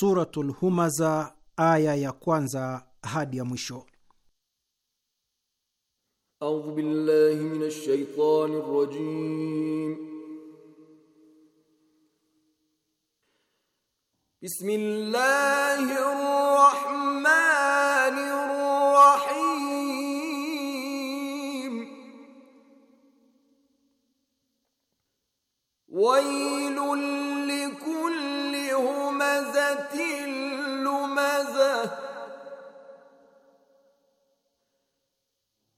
Suratul Humaza aya ya kwanza hadi ya mwisho. A'udhu billahi minash shaitani rajim. Bismillahir rahmanir rahim. Wailul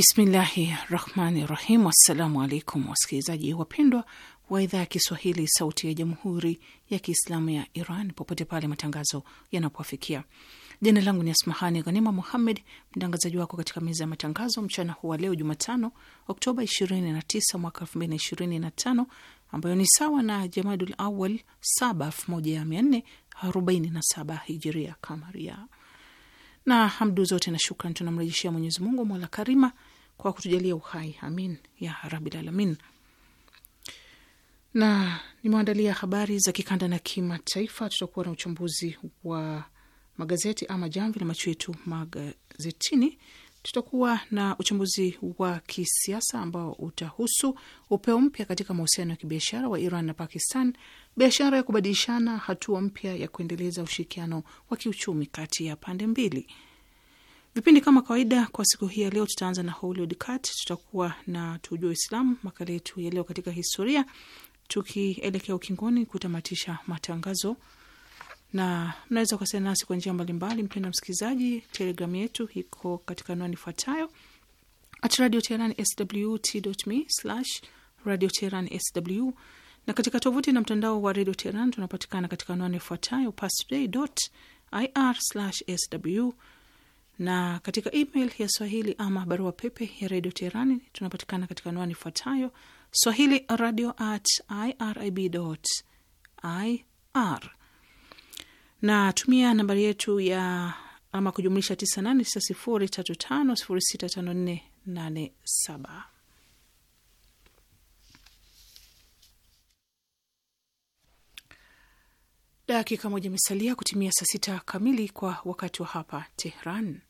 Bismillahi rahmani rahim. Assalamu alaikum wasikilizaji wapendwa wa idhaa ya Kiswahili sauti ya jamhuri ya Kiislamu ya Iran popote pale matangazo yanapoafikia Jina langu ni Asmahani Ghanima Muhammed, mtangazaji wako katika meza ya matangazo mchana huu wa leo Jumatano Oktoba 29 mwaka 2025 ambayo ni sawa na Jamadul Awal 7 hijiria kamaria, na hamdu zote na shukran tunamrejeshia Mwenyezi Mungu mola karima kwa kutujalia uhai, amin ya rabil alamin. Na nimeandalia habari za kikanda na kimataifa. Tutakuwa na uchambuzi wa magazeti ama jamvi la macho yetu magazetini. Tutakuwa na uchambuzi wa kisiasa ambao utahusu upeo mpya katika mahusiano ya kibiashara wa Iran na Pakistan, biashara ya kubadilishana, hatua mpya ya kuendeleza ushirikiano wa kiuchumi kati ya pande mbili. Vipindi kama kawaida kwa siku hii ya leo, tutaanza na Hollywood Cut, tutakuwa na tujue Uislamu, makala yetu ya leo katika historia, tukielekea ukingoni kutamatisha matangazo, na mnaweza kuwasiliana nasi kwa njia mbalimbali. Mpenda msikilizaji, telegramu yetu iko katika anwani ifuatayo at radio teheran sw t.me slash radio teheran sw, na katika tovuti na mtandao wa radio teheran tunapatikana katika anwani ifuatayo pastoday ir sw na katika email ya Swahili ama barua pepe ya redio Teherani tunapatikana katika anwani ifuatayo swahili radio at irib ir, na tumia nambari yetu ya ama kujumlisha 989035065487. Dakika moja imesalia kutimia saa sita kamili kwa wakati wa hapa Tehran.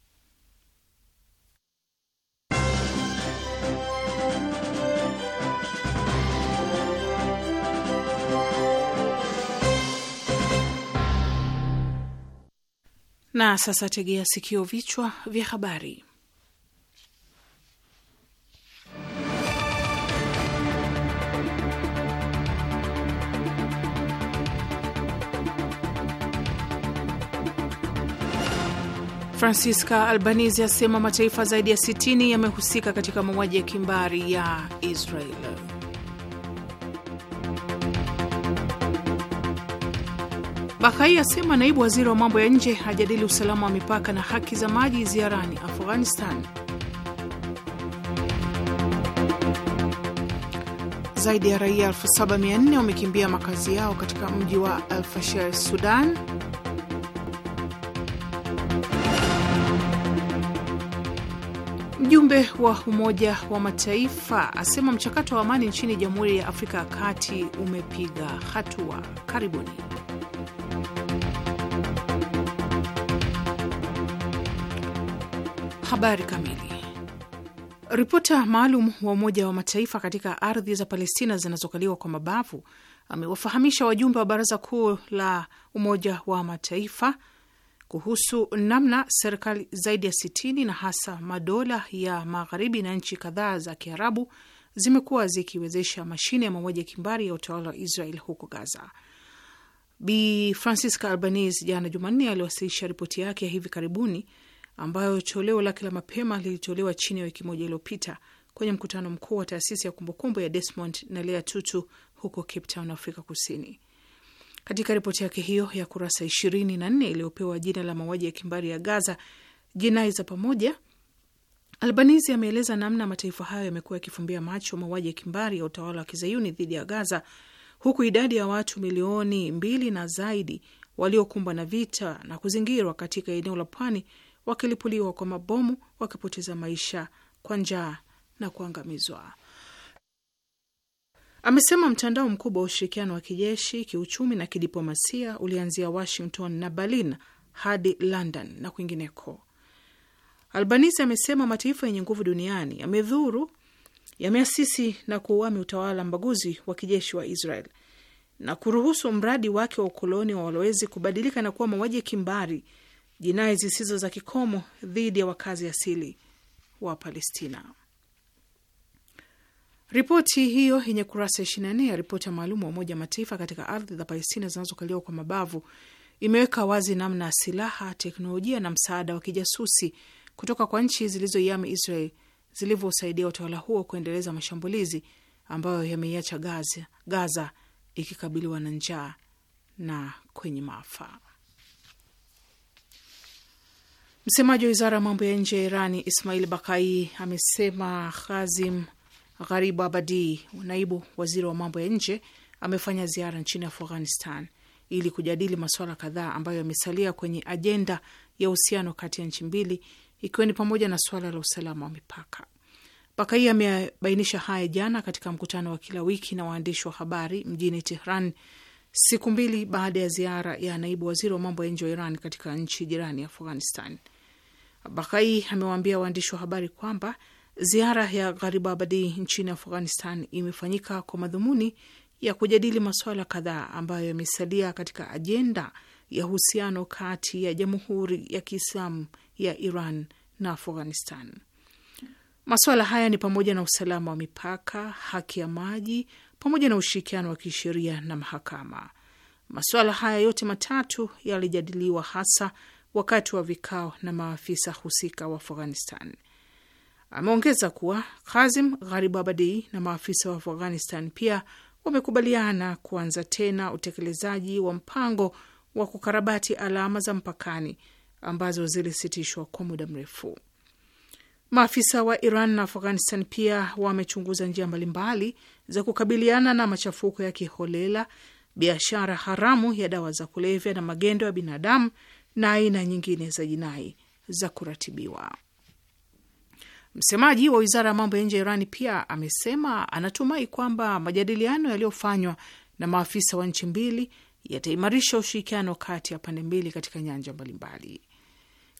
Na sasa tegea sikio, vichwa vya habari. Francisca Albanese asema mataifa zaidi ya 60 yamehusika katika mauaji ya kimbari ya Israel. Bakai asema naibu waziri wa mambo ya nje hajadili usalama wa mipaka na haki za maji ziarani Afghanistan. Zaidi ya raia 7400 wamekimbia makazi yao katika mji wa Alfashir, Sudan. Mjumbe wa Umoja wa Mataifa asema mchakato wa amani nchini Jamhuri ya Afrika ya Kati umepiga hatua. Karibuni. Habari kamili. Ripota maalum wa Umoja wa Mataifa katika ardhi za Palestina zinazokaliwa kwa mabavu amewafahamisha wajumbe wa Baraza Kuu la Umoja wa Mataifa kuhusu namna serikali zaidi ya sitini na hasa madola ya magharibi na nchi kadhaa za Kiarabu zimekuwa zikiwezesha mashine ya mauaji ya kimbari ya utawala wa Israel huko Gaza. Bi Francisca Albanese jana Jumanne aliwasilisha ripoti yake ya hivi karibuni ambayo toleo lake la mapema lilitolewa chini ya wiki moja iliyopita kwenye mkutano mkuu wa taasisi ya kumbukumbu ya Desmond na Lea Tutu huko Cape Town, Afrika Kusini. Katika ripoti yake hiyo ya kurasa 24 iliyopewa jina la mauaji ya kimbari ya Gaza, jinai za pamoja, Albanizi ameeleza namna mataifa hayo yamekuwa yakifumbia macho mauaji ya kimbari ya utawala wa kizayuni dhidi ya Gaza, huku idadi ya watu milioni mbili na zaidi waliokumbwa na vita na kuzingirwa katika eneo la pwani wakilipuliwa kwa mabomu, wakipoteza maisha kwa njaa na kuangamizwa. Amesema mtandao mkubwa wa ushirikiano wa kijeshi, kiuchumi na kidiplomasia ulianzia Washington na Berlin hadi London na kwingineko. Albanese amesema mataifa yenye nguvu duniani yamedhuru, yameasisi na kuuami utawala mbaguzi wa kijeshi wa Israel na kuruhusu mradi wake wa ukoloni wa walowezi kubadilika na kuwa mauaji ya kimbari jinai zisizo za kikomo dhidi ya wakazi asili wa Palestina. Ripoti hiyo yenye kurasa 24 ya ripoti ya maalum wa Umoja Mataifa katika ardhi za Palestina zinazokaliwa kwa mabavu imeweka wazi namna ya silaha, teknolojia na msaada wa kijasusi kutoka kwa nchi zilizoiami Israel zilivyosaidia utawala huo kuendeleza mashambulizi ambayo yameiacha Gaza, Gaza ikikabiliwa na njaa na kwenye maafa. Msemaji wa wizara ya mambo ya nje ya Irani Ismail Bakai amesema Khazim Gharibu Abadi, naibu waziri wa mambo ya nje, amefanya ziara nchini Afghanistan ili kujadili masuala kadhaa ambayo yamesalia kwenye ajenda ya uhusiano kati ya nchi mbili, ikiwa ni pamoja na suala la usalama wa mipaka. Bakai amebainisha haya jana katika mkutano wa kila wiki na waandishi wa habari mjini Tehran siku mbili baada ya ziara ya naibu waziri wa mambo ya nje wa Iran katika nchi jirani ya Afghanistan. Bakai amewaambia waandishi wa habari kwamba ziara ya Gharibabadi nchini Afghanistan imefanyika kwa madhumuni ya kujadili masuala kadhaa ambayo yamesalia katika ajenda ya uhusiano kati ya Jamhuri ya Kiislamu ya Iran na Afghanistan. Masuala haya ni pamoja na usalama wa mipaka, haki ya maji, pamoja na ushirikiano wa kisheria na mahakama. Masuala haya yote matatu yalijadiliwa hasa wakati wa vikao na maafisa husika wa Afghanistan. Ameongeza kuwa Kazim Gharibabadi na maafisa wa Afghanistan pia wamekubaliana kuanza tena utekelezaji wa mpango wa kukarabati alama za mpakani ambazo zilisitishwa kwa muda mrefu. Maafisa wa Iran na Afghanistan pia wamechunguza njia mbalimbali za kukabiliana na machafuko ya kiholela, biashara haramu ya dawa za kulevya na magendo ya binadamu na aina nyingine za jinai za kuratibiwa. Msemaji wa wizara ya mambo ya nje ya Irani pia amesema anatumai kwamba majadiliano yaliyofanywa na maafisa wa nchi mbili yataimarisha ushirikiano kati ya pande mbili katika nyanja mbalimbali.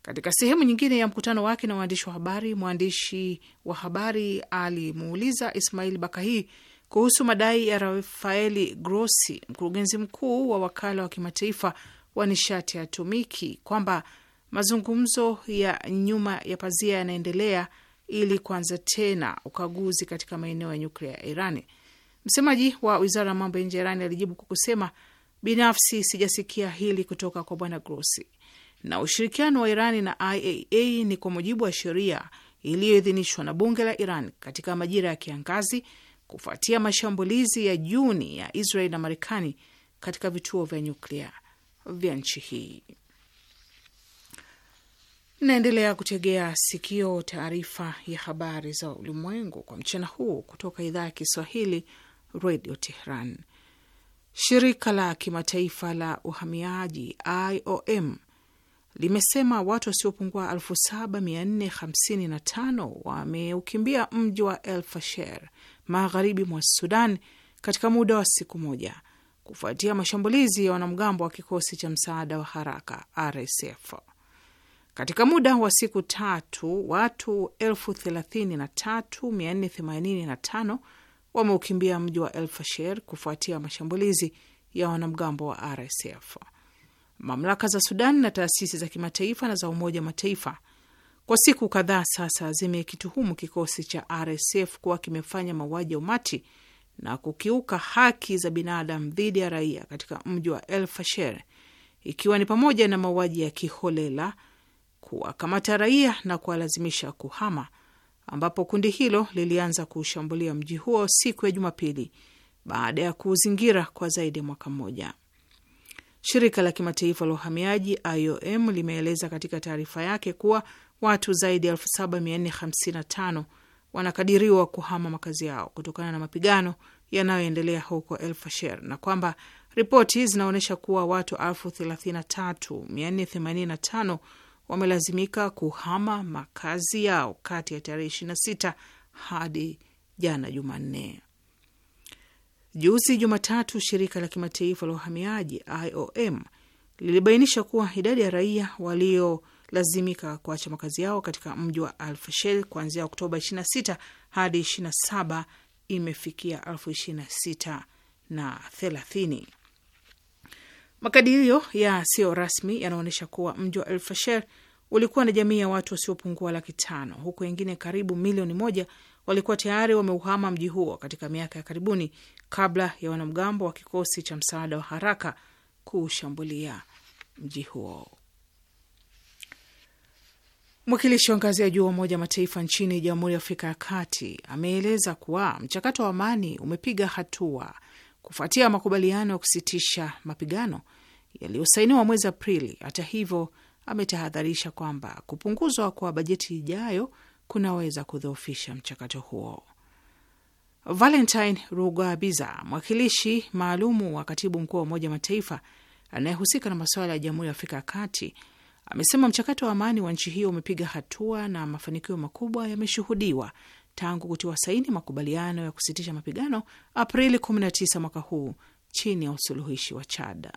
Katika sehemu nyingine ya mkutano wake na waandishi wa habari, mwandishi wa habari alimuuliza Ismail Bakahi kuhusu madai ya Rafaeli Grossi, mkurugenzi mkuu wa wakala wa kimataifa wa nishati ya atomiki, kwamba mazungumzo ya nyuma ya pazia yanaendelea ili kuanza tena ukaguzi katika maeneo ya nyuklia ya Irani. Msemaji wa wizara ya mambo ya nje ya Irani alijibu kwa kusema, binafsi sijasikia hili kutoka kwa bwana Grossi na ushirikiano wa Irani na IAA ni kwa mujibu wa sheria iliyoidhinishwa na bunge la Iran katika majira ya kiangazi kufuatia mashambulizi ya Juni ya Israel na Marekani katika vituo vya nyuklia vya nchi hii. Naendelea kutegea sikio taarifa ya habari za ulimwengu kwa mchana huu kutoka idhaa ya Kiswahili, Radio Tehran. Shirika la kimataifa la uhamiaji IOM limesema watu wasiopungua 7455 wameukimbia mji wa El Fasher magharibi mwa Sudan katika muda wa siku moja kufuatia mashambulizi ya wanamgambo wa kikosi cha msaada wa haraka RSF. Katika muda wa siku tatu watu 33485 wameukimbia mji wa El Fasher kufuatia mashambulizi ya wanamgambo wa RSF. Mamlaka za Sudan na taasisi za kimataifa na za Umoja wa Mataifa kwa siku kadhaa sasa zimekituhumu kikosi cha RSF kuwa kimefanya mauaji ya umati na kukiuka haki za binadamu dhidi ya raia katika mji wa El Fasher, ikiwa ni pamoja na mauaji ya kiholela, kuwakamata raia na kuwalazimisha kuhama, ambapo kundi hilo lilianza kuushambulia mji huo siku ya Jumapili baada ya kuuzingira kwa zaidi ya mwaka mmoja. Shirika la kimataifa la uhamiaji IOM limeeleza katika taarifa yake kuwa watu zaidi ya 7455 wanakadiriwa kuhama makazi yao kutokana na mapigano yanayoendelea huko El Fasher na kwamba ripoti zinaonyesha kuwa watu 33485 wamelazimika kuhama makazi yao kati ya tarehe 26 hadi jana Jumanne. Juzi Jumatatu, shirika la kimataifa la uhamiaji IOM lilibainisha kuwa idadi ya raia waliolazimika kuacha makazi yao katika mji wa Alfashel kuanzia Oktoba 26 hadi 27 imefikia elfu 26 na 30. Makadirio yasiyo rasmi yanaonyesha kuwa mji wa Alfashel ulikuwa na jamii ya watu wasiopungua laki tano huku wengine karibu milioni moja walikuwa tayari wameuhama mji huo katika miaka ya karibuni kabla ya wanamgambo wa kikosi cha msaada wa haraka kuushambulia mji huo. Mwakilishi wa ngazi ya juu wa Umoja Mataifa nchini Jamhuri ya Afrika ya Kati ameeleza kuwa mchakato wa amani umepiga hatua kufuatia makubaliano ya kusitisha mapigano yaliyosainiwa mwezi Aprili. Hata hivyo, ametahadharisha kwamba kupunguzwa kwa bajeti ijayo kunaweza kudhoofisha mchakato huo. Valentine Rugabiza, mwakilishi maalumu wa katibu mkuu wa Umoja wa Mataifa anayehusika na masuala ya Jamhuri ya Afrika ya Kati, amesema mchakato wa amani wa nchi hiyo umepiga hatua na mafanikio makubwa yameshuhudiwa tangu kutiwa saini makubaliano ya kusitisha mapigano Aprili 19 mwaka huu chini ya usuluhishi wa Chada.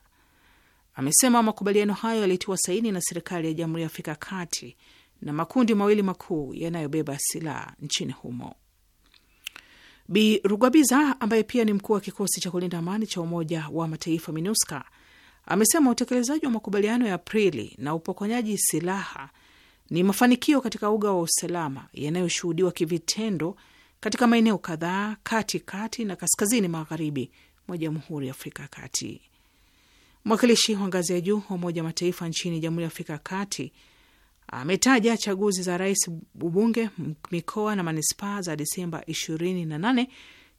Amesema makubaliano hayo yalitiwa saini na serikali ya Jamhuri ya Afrika ya Kati na makundi mawili makuu yanayobeba silaha nchini humo. Bi Rugwabiza ambaye pia ni mkuu wa kikosi cha kulinda amani cha Umoja wa Mataifa MINUSCA amesema utekelezaji wa makubaliano ya Aprili na upokonyaji silaha ni mafanikio katika uga wa usalama yanayoshuhudiwa kivitendo katika maeneo kadhaa kati kati na kaskazini magharibi mwa Jamhuri ya Afrika ya Kati. Mwakilishi wa ngazi ya juu wa Umoja wa Mataifa nchini Jamhuri ya Afrika ya Kati Ametaja chaguzi za rais, ubunge, mikoa na manispaa za Disemba 28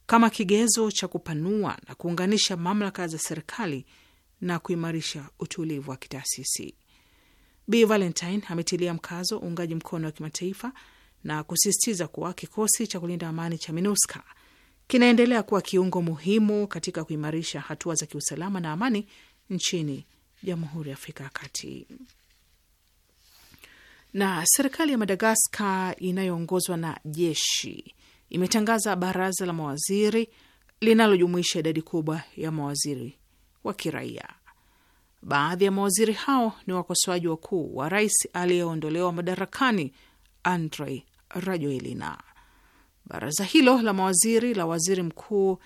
kama kigezo cha kupanua na kuunganisha mamlaka za serikali na kuimarisha utulivu wa kitaasisi. B Valentine ametilia mkazo uungaji mkono wa kimataifa na kusisitiza kuwa kikosi cha kulinda amani cha MINUSCA kinaendelea kuwa kiungo muhimu katika kuimarisha hatua za kiusalama na amani nchini Jamhuri ya Afrika ya Kati. Na serikali ya Madagaskar inayoongozwa na jeshi imetangaza baraza la mawaziri linalojumuisha idadi kubwa ya mawaziri wa kiraia. Baadhi ya mawaziri hao ni wakosoaji wakuu wa rais aliyeondolewa madarakani andrei Rajoelina. Baraza hilo la mawaziri la waziri mkuu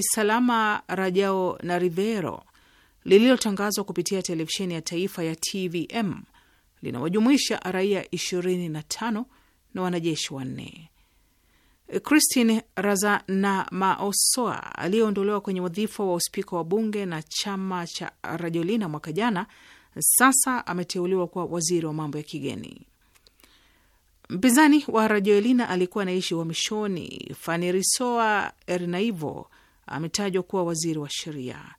salama Rajao na Rivero lililotangazwa kupitia televisheni ya taifa ya TVM linawajumuisha raia 25 na wanajeshi wanne. Christine Razanamaosoa aliyeondolewa kwenye wadhifa wa uspika wa bunge na chama cha Rajolina mwaka jana, sasa ameteuliwa kuwa waziri wa mambo ya kigeni. Mpinzani wa Rajoelina alikuwa anaishi uhamishoni Fanirisoa Ernaivo ametajwa kuwa waziri wa sheria.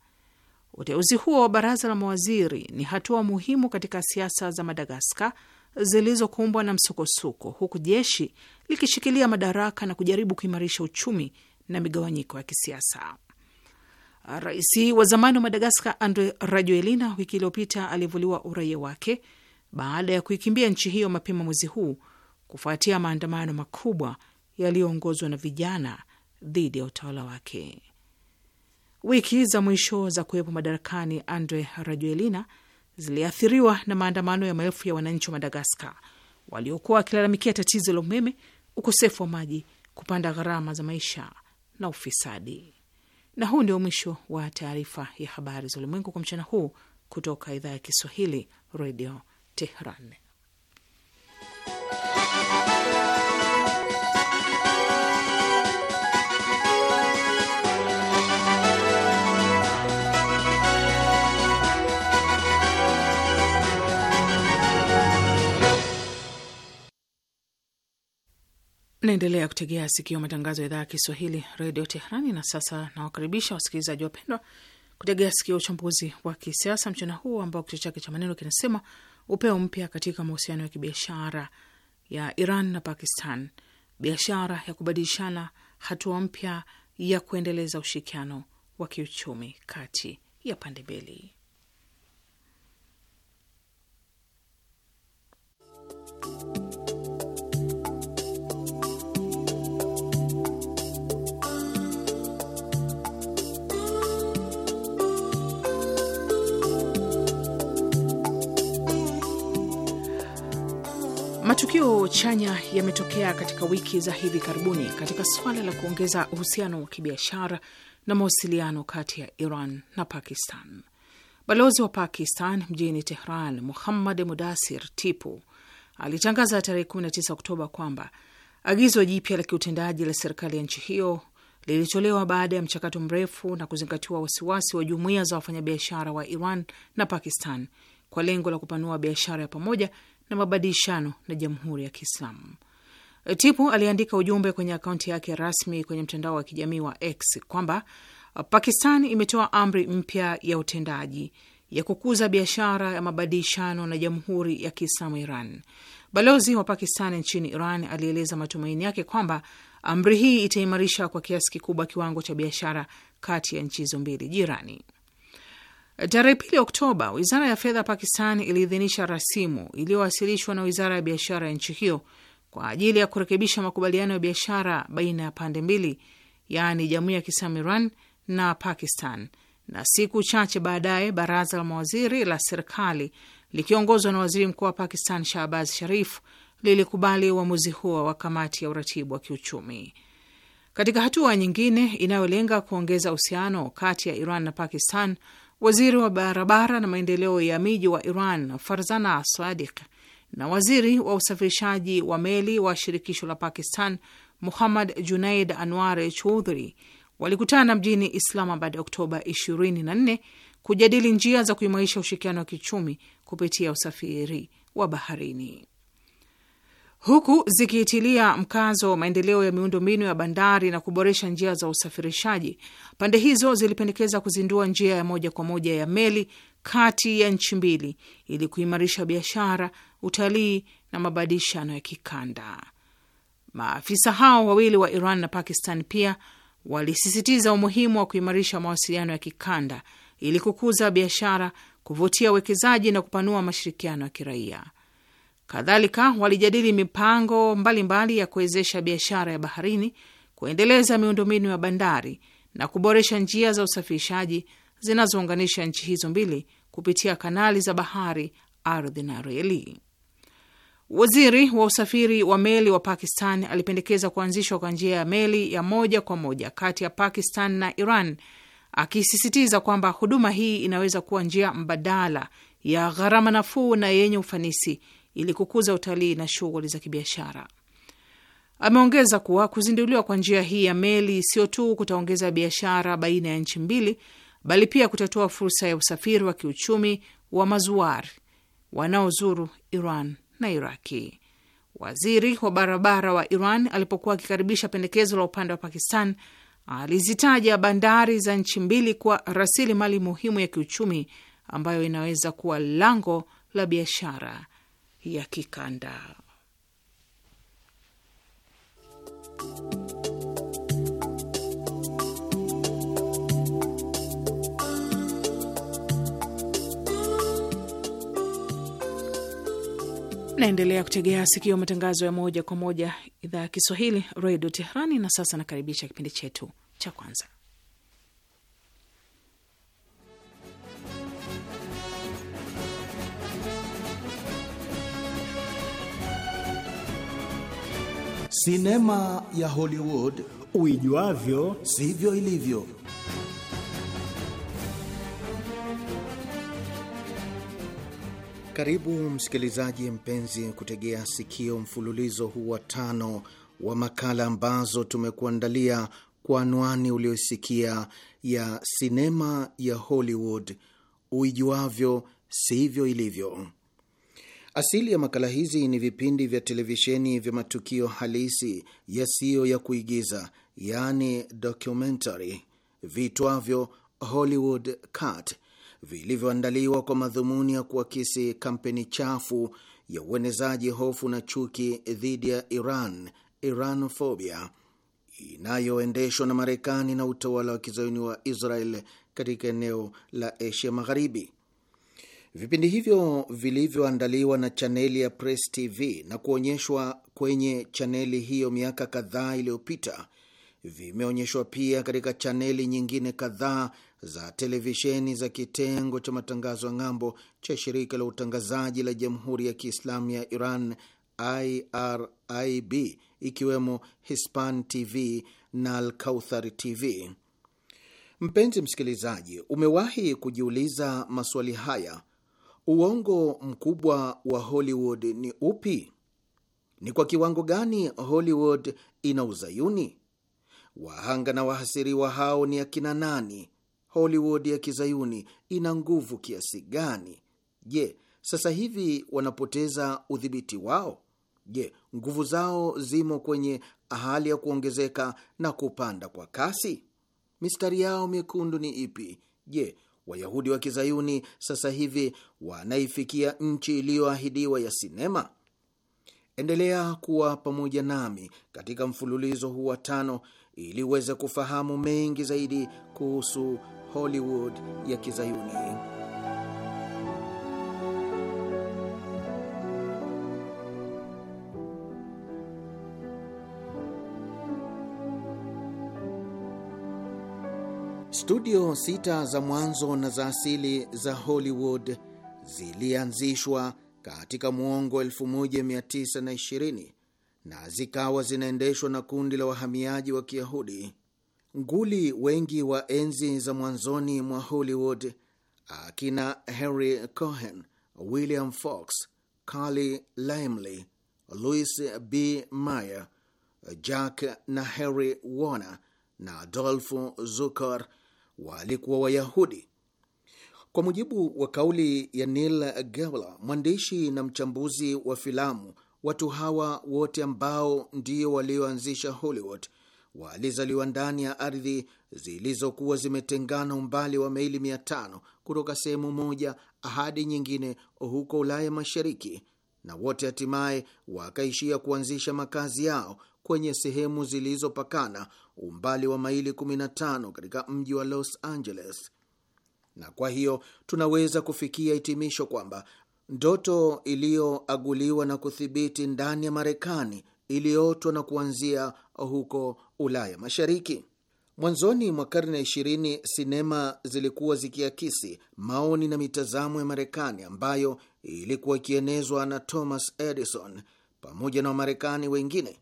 Uteuzi huo wa baraza la mawaziri ni hatua muhimu katika siasa za Madagaskar zilizokumbwa na msukosuko, huku jeshi likishikilia madaraka na kujaribu kuimarisha uchumi na migawanyiko ya kisiasa. Rais wa zamani wa Madagaskar Andre Rajoelina wiki iliyopita alivuliwa uraia wake baada ya kuikimbia nchi hiyo mapema mwezi huu kufuatia maandamano makubwa yaliyoongozwa na vijana dhidi ya utawala wake. Wiki za mwisho za kuwepo madarakani Andre Rajoelina ziliathiriwa na maandamano ya maelfu ya wananchi wa Madagaskar waliokuwa wakilalamikia tatizo la umeme, ukosefu wa maji, kupanda gharama za maisha na ufisadi. Na huu ndio mwisho wa taarifa ya habari za ulimwengu kwa mchana huu kutoka idhaa ya Kiswahili, Redio Tehran. Mnaendelea kutegea sikio matangazo ya idhaa ya Kiswahili redio Teherani. Na sasa nawakaribisha wasikilizaji wapendwa kutegea sikio uchambuzi wa kisiasa mchana huu ambao kichwa chake cha maneno kinasema upeo mpya katika mahusiano ya kibiashara ya Iran na Pakistan, biashara ya kubadilishana, hatua mpya ya kuendeleza ushirikiano wa kiuchumi kati ya pande mbili. Matukio chanya yametokea katika wiki za hivi karibuni katika suala la kuongeza uhusiano wa kibiashara na mawasiliano kati ya Iran na Pakistan. Balozi wa Pakistan mjini Tehran, Muhammad Mudasir Tipu, alitangaza tarehe 19 Oktoba kwamba agizo jipya la kiutendaji la serikali ya nchi hiyo lilitolewa baada ya mchakato mrefu na kuzingatiwa wasiwasi wa jumuiya za wafanyabiashara wa Iran na Pakistan kwa lengo la kupanua biashara ya pamoja na mabadilishano na Jamhuri ya Kiislamu. Tipu aliandika ujumbe kwenye akaunti yake rasmi kwenye mtandao wa kijamii wa X kwamba Pakistan imetoa amri mpya ya utendaji ya kukuza biashara ya mabadilishano na Jamhuri ya Kiislamu Iran. Balozi wa Pakistan nchini Iran alieleza matumaini yake kwamba amri hii itaimarisha kwa kiasi kikubwa kiwango cha biashara kati ya nchi hizo mbili jirani. Tarehe pili Oktoba, wizara ya fedha Pakistan iliidhinisha rasimu iliyowasilishwa na wizara ya biashara ya nchi hiyo kwa ajili ya kurekebisha makubaliano ya biashara baina ya pande mbili, yaani jamhuri ya Kiislamu Iran na Pakistan. Na siku chache baadaye baraza la mawaziri la serikali likiongozwa na waziri mkuu wa Pakistan Shahbaz Sharif lilikubali uamuzi huo wa kamati ya uratibu wa kiuchumi. Katika hatua nyingine inayolenga kuongeza uhusiano kati ya Iran na Pakistan, Waziri wa barabara na maendeleo ya miji wa Iran Farzana Sadik na waziri wa usafirishaji wa meli wa shirikisho la Pakistan Muhammad Junaid Anwar Choudhry walikutana mjini Islamabad Oktoba 24 kujadili njia za kuimarisha ushirikiano wa kiuchumi kupitia usafiri wa baharini huku zikiitilia mkazo maendeleo ya miundombinu ya bandari na kuboresha njia za usafirishaji. Pande hizo zilipendekeza kuzindua njia ya moja kwa moja ya meli kati ya nchi mbili ili kuimarisha biashara, utalii na mabadilishano ya kikanda. Maafisa hao wawili wa Iran na Pakistan pia walisisitiza umuhimu wa kuimarisha mawasiliano ya kikanda ili kukuza biashara, kuvutia uwekezaji na kupanua mashirikiano ya kiraia. Kadhalika walijadili mipango mbalimbali mbali ya kuwezesha biashara ya baharini, kuendeleza miundombinu ya bandari na kuboresha njia za usafirishaji zinazounganisha nchi hizo mbili kupitia kanali za bahari, ardhi na reli. Waziri wa usafiri wa meli wa Pakistan alipendekeza kuanzishwa kwa njia ya meli ya moja kwa moja kati ya Pakistan na Iran, akisisitiza kwamba huduma hii inaweza kuwa njia mbadala ya gharama nafuu na yenye ufanisi ili kukuza utalii na shughuli za kibiashara. Ameongeza kuwa kuzinduliwa kwa njia hii ya meli sio tu kutaongeza biashara baina ya nchi mbili, bali pia kutatoa fursa ya usafiri wa kiuchumi wa mazuari wanaozuru Iran na Iraki. Waziri wa barabara wa Iran alipokuwa akikaribisha pendekezo la upande wa Pakistan alizitaja bandari za nchi mbili kuwa rasilimali muhimu ya kiuchumi ambayo inaweza kuwa lango la biashara ya kikanda. Naendelea kutegea sikio matangazo ya moja kwa moja idhaa ya Kiswahili, redio Teherani. Na sasa nakaribisha kipindi chetu cha kwanza Sinema ya Hollywood uijuavyo sivyo ilivyo. Karibu msikilizaji mpenzi, kutegea sikio mfululizo huu wa tano wa makala ambazo tumekuandalia kwa anwani uliyosikia ya sinema ya Hollywood uijuavyo sivyo ilivyo. Asili ya makala hizi ni vipindi vya televisheni vya matukio halisi yasiyo ya kuigiza, yaani documentary, viitwavyo Hollywood Cut, vilivyoandaliwa kwa madhumuni ya kuakisi kampeni chafu ya uenezaji hofu na chuki dhidi ya Iran, Iranofobia, inayoendeshwa na Marekani na utawala wa kizayuni wa Israel katika eneo la Asia Magharibi. Vipindi hivyo vilivyoandaliwa na chaneli ya Press TV na kuonyeshwa kwenye chaneli hiyo miaka kadhaa iliyopita vimeonyeshwa pia katika chaneli nyingine kadhaa za televisheni za kitengo cha matangazo ya ng'ambo cha shirika la utangazaji la Jamhuri ya Kiislamu ya Iran IRIB ikiwemo Hispan TV na Alkauthar TV. Mpenzi msikilizaji, umewahi kujiuliza maswali haya Uongo mkubwa wa Hollywood ni upi? Ni kwa kiwango gani Hollywood ina uzayuni? Wahanga na wahasiriwa hao ni akina nani? Hollywood ya kizayuni ina nguvu kiasi gani? Je, sasa hivi wanapoteza udhibiti wao? Je, nguvu zao zimo kwenye hali ya kuongezeka na kupanda kwa kasi? Mistari yao mekundu ni ipi? Je, Wayahudi wa kizayuni sasa hivi wanaifikia nchi iliyoahidiwa ya sinema. Endelea kuwa pamoja nami katika mfululizo huu wa tano ili uweze kufahamu mengi zaidi kuhusu Hollywood ya kizayuni. Studio sita za mwanzo na za asili za Hollywood zilianzishwa katika mwongo 1920 na zikawa zinaendeshwa na kundi la wahamiaji wa Kiyahudi. Nguli wengi wa enzi za mwanzoni mwa Hollywood, akina Harry Cohen, William Fox, Carly limly Louis B. Mayer, Jack na Harry Warner na adolfu Zukor walikuwa Wayahudi. Kwa mujibu wa kauli ya Neil Gawler, mwandishi na mchambuzi wa filamu, watu hawa wote ambao ndio walioanzisha Hollywood walizaliwa ndani ya ardhi zilizokuwa zimetengana umbali wa maili mia tano kutoka sehemu moja hadi nyingine huko Ulaya Mashariki, na wote hatimaye wakaishia kuanzisha makazi yao kwenye sehemu zilizopakana umbali wa maili 15 katika mji wa Los Angeles, na kwa hiyo tunaweza kufikia hitimisho kwamba ndoto iliyoaguliwa na kuthibiti ndani ya Marekani iliyootwa na kuanzia huko Ulaya Mashariki. Mwanzoni mwa karne ya ishirini, sinema zilikuwa zikiakisi maoni na mitazamo ya Marekani ambayo ilikuwa ikienezwa na Thomas Edison pamoja na Wamarekani wengine.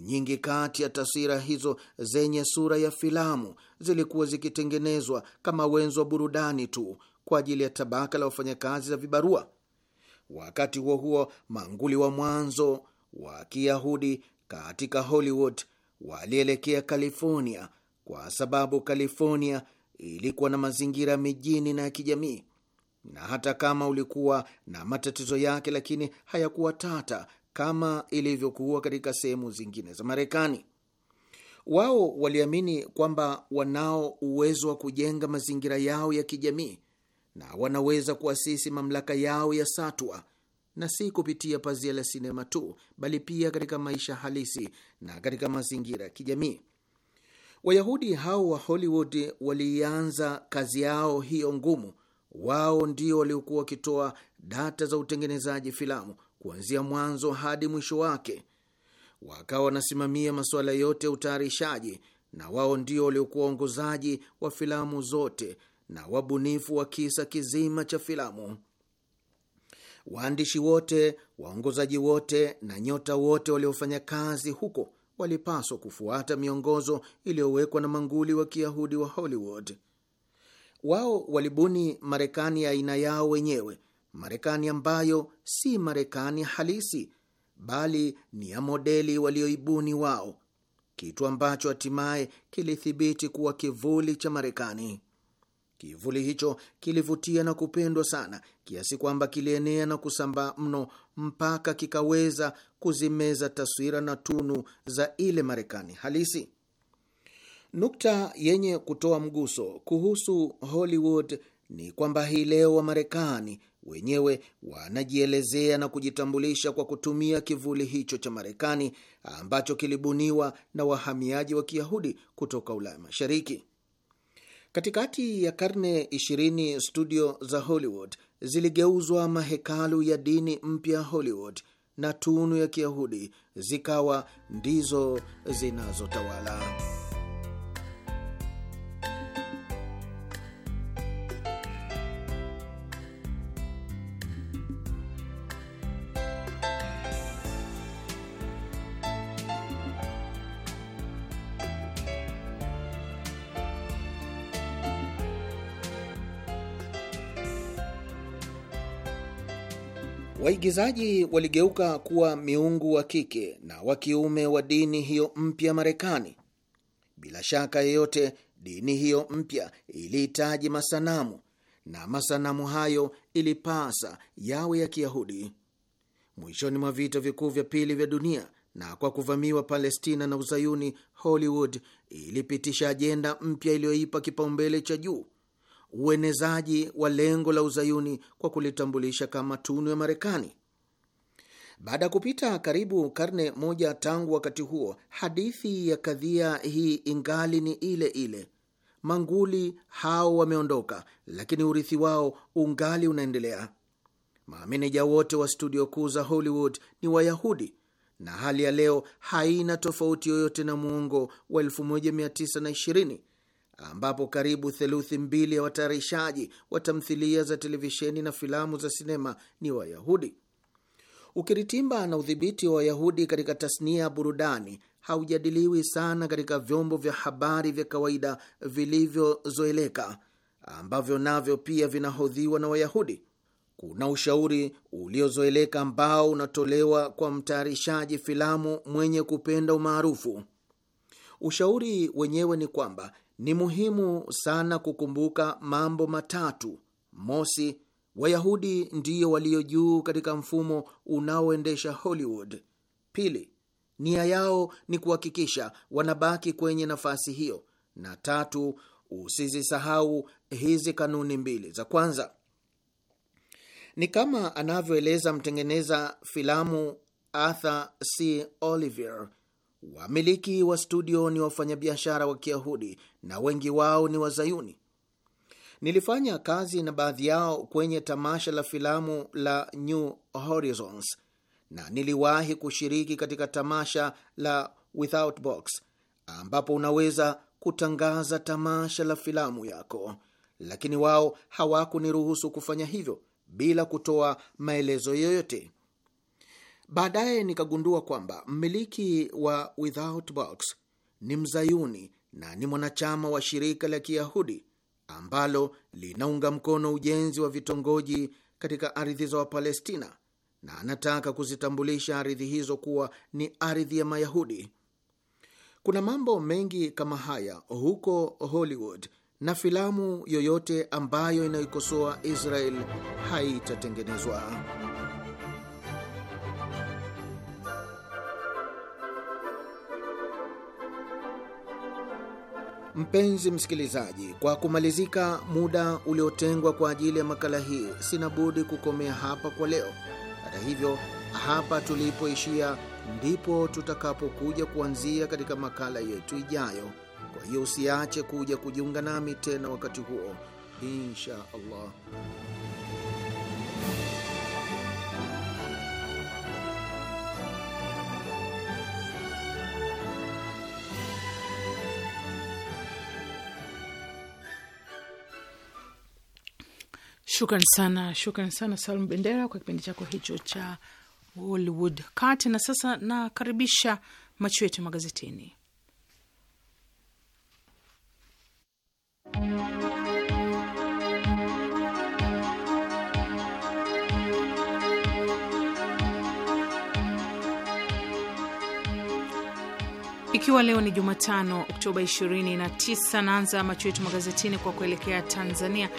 Nyingi kati ya taswira hizo zenye sura ya filamu zilikuwa zikitengenezwa kama wenzo wa burudani tu kwa ajili ya tabaka la wafanyakazi za vibarua. Wakati huo huo, manguli wa mwanzo wa Kiyahudi katika Hollywood walielekea California kwa sababu California ilikuwa na mazingira mijini na ya kijamii, na hata kama ulikuwa na matatizo yake, lakini hayakuwa tata kama ilivyokuwa katika sehemu zingine za Marekani. Wao waliamini kwamba wanao uwezo wa kujenga mazingira yao ya kijamii na wanaweza kuasisi mamlaka yao ya satwa, na si kupitia pazia la sinema tu, bali pia katika maisha halisi na katika mazingira ya kijamii. Wayahudi hao wa Hollywood walianza kazi yao hiyo ngumu. Wao ndio waliokuwa wakitoa data za utengenezaji filamu kuanzia mwanzo hadi mwisho wake, wakawa wanasimamia masuala yote ya utayarishaji, na wao ndio waliokuwa waongozaji wa filamu zote na wabunifu wa kisa kizima cha filamu. Waandishi wote, waongozaji wote na nyota wote waliofanya kazi huko walipaswa kufuata miongozo iliyowekwa na manguli wa Kiyahudi wa Hollywood. Wao walibuni Marekani ya aina yao wenyewe Marekani ambayo si Marekani halisi bali ni ya modeli walioibuni wao, kitu ambacho hatimaye kilithibiti kuwa kivuli cha Marekani. Kivuli hicho kilivutia na kupendwa sana kiasi kwamba kilienea na kusambaa mno mpaka kikaweza kuzimeza taswira na tunu za ile Marekani halisi. Nukta yenye kutoa mguso kuhusu Hollywood ni kwamba hii leo Wamarekani wenyewe wanajielezea na kujitambulisha kwa kutumia kivuli hicho cha Marekani ambacho kilibuniwa na wahamiaji wa Kiyahudi kutoka Ulaya Mashariki. Katikati ya karne 20, studio za Hollywood ziligeuzwa mahekalu ya dini mpya Hollywood, na tunu ya Kiyahudi zikawa ndizo zinazotawala. Waigizaji waligeuka kuwa miungu wa kike na wa kiume wa dini hiyo mpya Marekani. Bila shaka yeyote, dini hiyo mpya ilihitaji masanamu na masanamu hayo ilipasa yawe ya Kiyahudi. Mwishoni mwa vita vikuu vya pili vya dunia na kwa kuvamiwa Palestina na Uzayuni, Hollywood ilipitisha ajenda mpya iliyoipa kipaumbele cha juu uenezaji wa lengo la uzayuni kwa kulitambulisha kama tunu ya Marekani. Baada ya kupita karibu karne moja tangu wakati huo, hadithi ya kadhia hii ingali ni ile ile. Manguli hao wameondoka, lakini urithi wao ungali unaendelea. Maameneja wote wa studio kuu za Hollywood ni Wayahudi, na hali ya leo haina tofauti yoyote na muongo wa 1920 ambapo karibu theluthi mbili ya watayarishaji wa tamthilia za televisheni na filamu za sinema ni Wayahudi. Ukiritimba na udhibiti wa Wayahudi katika tasnia ya burudani haujadiliwi sana katika vyombo vya habari vya kawaida vilivyozoeleka ambavyo navyo pia vinahodhiwa na Wayahudi. Kuna ushauri uliozoeleka ambao unatolewa kwa mtayarishaji filamu mwenye kupenda umaarufu. Ushauri wenyewe ni kwamba ni muhimu sana kukumbuka mambo matatu. Mosi, Wayahudi ndiyo walio juu katika mfumo unaoendesha Hollywood. Pili, nia yao ni kuhakikisha wanabaki kwenye nafasi hiyo, na tatu, usizisahau hizi kanuni mbili za kwanza. Ni kama anavyoeleza mtengeneza filamu Arthur C. Oliver, wamiliki wa studio ni wafanyabiashara wa Kiyahudi na wengi wao ni Wazayuni. Nilifanya kazi na baadhi yao kwenye tamasha la filamu la New Horizons na niliwahi kushiriki katika tamasha la Without Box ambapo unaweza kutangaza tamasha la filamu yako, lakini wao hawakuniruhusu kufanya hivyo bila kutoa maelezo yoyote. Baadaye nikagundua kwamba mmiliki wa Without Box ni mzayuni na ni mwanachama wa shirika la Kiyahudi ambalo linaunga mkono ujenzi wa vitongoji katika ardhi za Wapalestina na anataka kuzitambulisha ardhi hizo kuwa ni ardhi ya Mayahudi. Kuna mambo mengi kama haya huko Hollywood na filamu yoyote ambayo inaikosoa Israel haitatengenezwa. Mpenzi msikilizaji, kwa kumalizika muda uliotengwa kwa ajili ya makala hii, sina budi kukomea hapa kwa leo. Hata hivyo, hapa tulipoishia ndipo tutakapokuja kuanzia katika makala yetu ijayo. Kwa hiyo usiache kuja kujiunga nami tena wakati huo, insha Allah. Shukran sana, shukran sana Salum Bendera kwa kipindi chako hicho cha Hollywood Kati. Na sasa nakaribisha macho yetu magazetini. Ikiwa leo ni Jumatano, Oktoba 29, naanza macho yetu magazetini kwa kuelekea Tanzania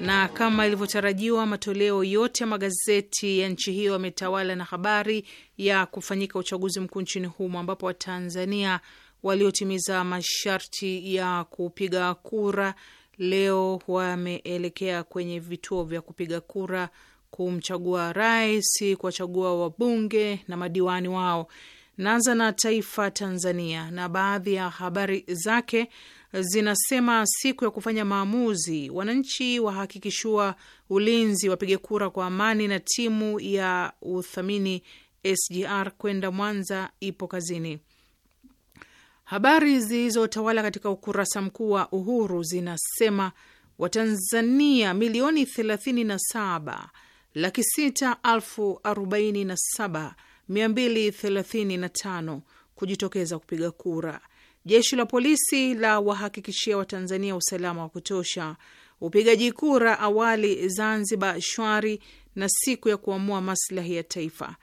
na kama ilivyotarajiwa matoleo yote ya magazeti ya nchi hiyo yametawala na habari ya kufanyika uchaguzi mkuu nchini humo, ambapo Watanzania waliotimiza masharti ya kupiga kura leo wameelekea kwenye vituo vya kupiga kura kumchagua rais, kuwachagua wabunge na madiwani wao. Naanza na Taifa Tanzania na baadhi ya habari zake zinasema siku ya kufanya maamuzi, wananchi wahakikishiwa ulinzi, wapige kura kwa amani, na timu ya uthamini SGR kwenda Mwanza ipo kazini. Habari zilizotawala katika ukurasa mkuu wa Uhuru zinasema Watanzania milioni saba laki sita alfu arobaini na saba mia mbili thelathini na tano kujitokeza kupiga kura Jeshi la polisi la wahakikishia Watanzania usalama wa kutosha. Upigaji kura awali Zanzibar shwari na siku ya kuamua maslahi ya taifa.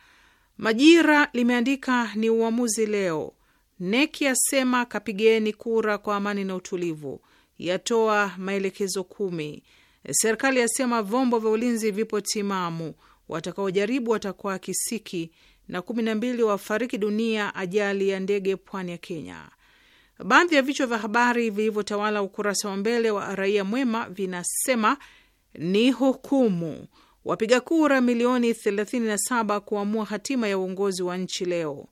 Majira limeandika ni uamuzi leo. Neki asema kapigeni kura kwa amani na utulivu, yatoa maelekezo kumi. Serikali yasema vyombo vya ulinzi vipo timamu, watakaojaribu watakuwa kisiki. Na kumi na mbili wafariki dunia ajali ya ndege pwani ya Kenya. Baadhi ya vichwa vya habari vilivyotawala ukurasa wa mbele wa Raia Mwema vinasema ni hukumu, wapiga kura milioni 37 kuamua hatima ya uongozi wa nchi leo,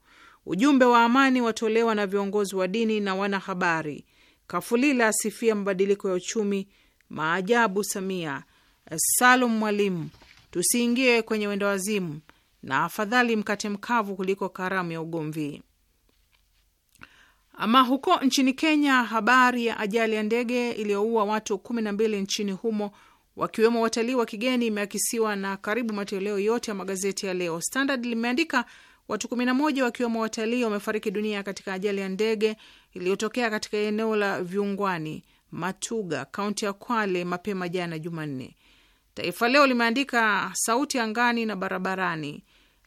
ujumbe wa amani watolewa na viongozi wa dini na wanahabari, Kafulila asifia mabadiliko ya uchumi, maajabu Samia, Salum Mwalimu, tusiingie kwenye wendawazimu na afadhali mkate mkavu kuliko karamu ya ugomvi. Ama huko nchini Kenya, habari ya ajali ya ndege iliyoua watu kumi na mbili nchini humo wakiwemo watalii wa kigeni imeakisiwa na karibu matoleo yote ya magazeti ya leo. Standard limeandika watu 11 wakiwemo watalii wamefariki dunia katika ajali ya ndege iliyotokea katika eneo la Viungwani, Matuga, kaunti ya Kwale mapema jana Jumanne. Taifa Leo limeandika sauti angani na barabarani.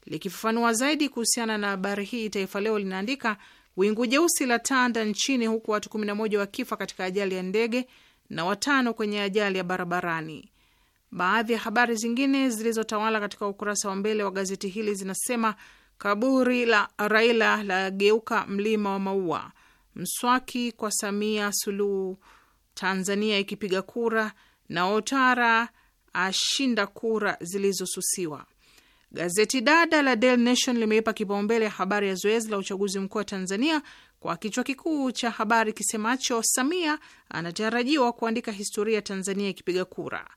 Likifafanua zaidi kuhusiana na habari hii, Taifa Leo linaandika Wingu jeusi la tanda nchini huku watu 11 wakifa katika ajali ya ndege na watano kwenye ajali ya barabarani. Baadhi ya habari zingine zilizotawala katika ukurasa wa mbele wa gazeti hili zinasema kaburi la Raila lageuka mlima wa maua, mswaki kwa Samia Suluhu, Tanzania ikipiga kura na Otara ashinda kura zilizosusiwa. Gazeti dada la Daily Nation limeipa kipaumbele habari ya zoezi la uchaguzi mkuu wa Tanzania kwa kichwa kikuu cha habari kisemacho Samia anatarajiwa kuandika historia Tanzania ikipiga kura.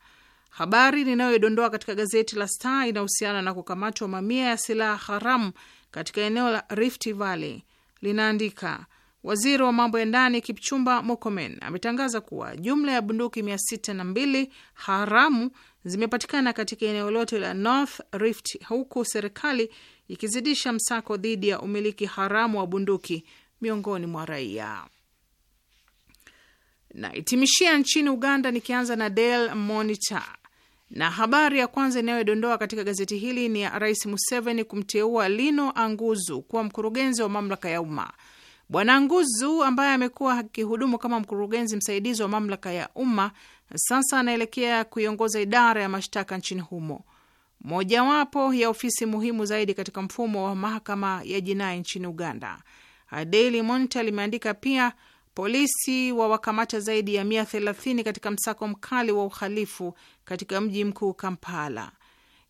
Habari linayoidondoa katika gazeti la Star inahusiana na kukamatwa mamia ya silaha haramu katika eneo la Rift Valley. Linaandika Waziri wa mambo ya ndani Kipchumba Mokomen ametangaza kuwa jumla ya bunduki 62 haramu zimepatikana katika eneo lote la North Rift, huku serikali ikizidisha msako dhidi ya umiliki haramu wa bunduki miongoni mwa raia. Na itimishia nchini Uganda, nikianza na Daily Monitor na habari ya kwanza inayodondoa katika gazeti hili ni ya Rais Museveni kumteua Lino Anguzu kuwa mkurugenzi wa mamlaka ya umma. Bwana Nguzu ambaye amekuwa akihudumu kama mkurugenzi msaidizi wa mamlaka ya umma sasa anaelekea kuiongoza idara ya mashtaka nchini humo, mojawapo ya ofisi muhimu zaidi katika mfumo wa mahakama ya jinai nchini Uganda. Daily Monitor limeandika pia, polisi wawakamata zaidi ya thelathini katika msako mkali wa uhalifu katika mji mkuu Kampala.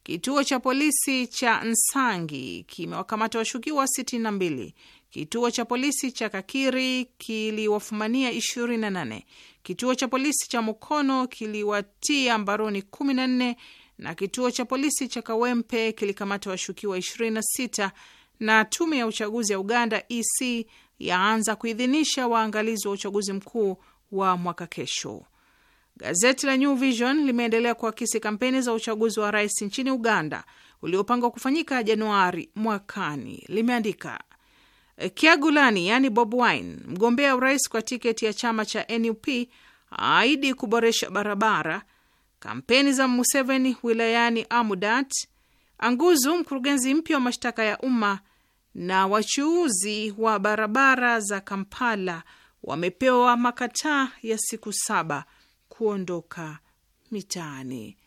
Kituo cha polisi cha Nsangi kimewakamata washukiwa 62 Kituo cha polisi cha Kakiri kiliwafumania 28, kituo cha polisi cha Mukono kiliwatia mbaroni 14 na kituo cha polisi cha Kawempe kilikamata washukiwa 26 na tume ya uchaguzi ya Uganda EC yaanza kuidhinisha waangalizi wa uchaguzi mkuu wa mwaka kesho. Gazeti la New Vision limeendelea kuakisi kampeni za uchaguzi wa rais nchini Uganda uliopangwa kufanyika Januari mwakani. Limeandika, Eh, Kiagulani yani Bob Wine, mgombea urais kwa tiketi ya chama cha NUP aahidi kuboresha barabara. Kampeni za Museveni wilayani Amudat. Anguzu, mkurugenzi mpya wa mashtaka ya umma na wachuuzi wa barabara za Kampala wamepewa makataa ya siku saba kuondoka mitaani.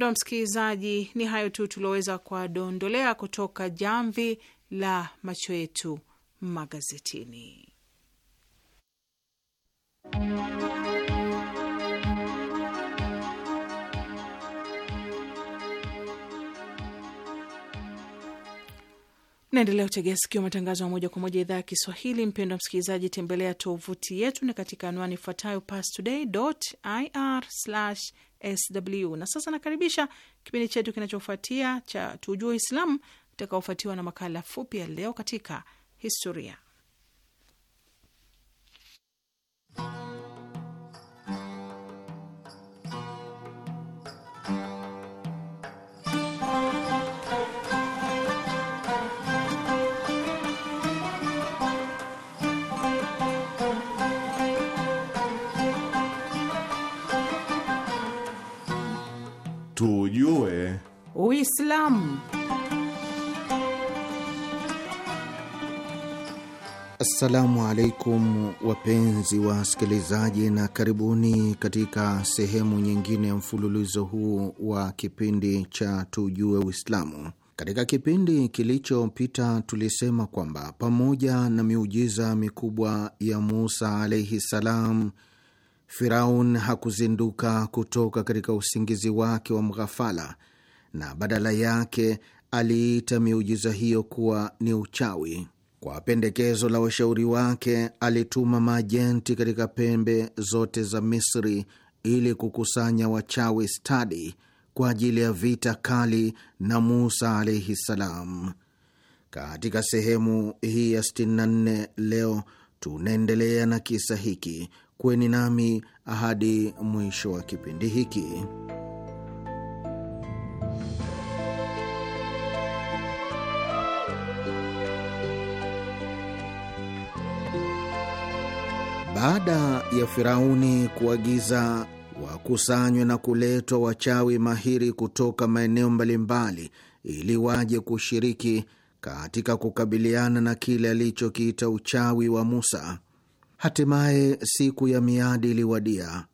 wa msikilizaji, ni hayo tu tulioweza kuwadondolea kutoka jamvi la macho yetu magazetini. Naendelea kutegea sikio matangazo ya moja kwa moja idhaa ya Kiswahili. Mpendwa msikilizaji, tembelea tovuti yetu ni katika anwani ifuatayo pastoday.ir/sw. Na sasa nakaribisha kipindi chetu kinachofuatia cha Tujue Uislamu utakaofuatiwa na makala fupi ya leo katika historia. Tujue Uislamu. Assalamu alaikum wapenzi wa wasikilizaji, na karibuni katika sehemu nyingine ya mfululizo huu wa kipindi cha Tujue Uislamu. Katika kipindi kilichopita tulisema kwamba pamoja na miujiza mikubwa ya Musa alaihi salam, Firaun hakuzinduka kutoka katika usingizi wake wa mghafala, na badala yake aliita miujiza hiyo kuwa ni uchawi. Kwa pendekezo la washauri wake, alituma majenti katika pembe zote za Misri ili kukusanya wachawi stadi kwa ajili ya vita kali na Musa alaihi ssalam. Katika sehemu hii ya 64 leo tunaendelea na kisa hiki. Kweni nami hadi mwisho wa kipindi hiki. Baada ya Firauni kuagiza wakusanywe na kuletwa wachawi mahiri kutoka maeneo mbalimbali ili waje kushiriki katika kukabiliana na kile alichokiita uchawi wa Musa, hatimaye siku ya miadi iliwadia.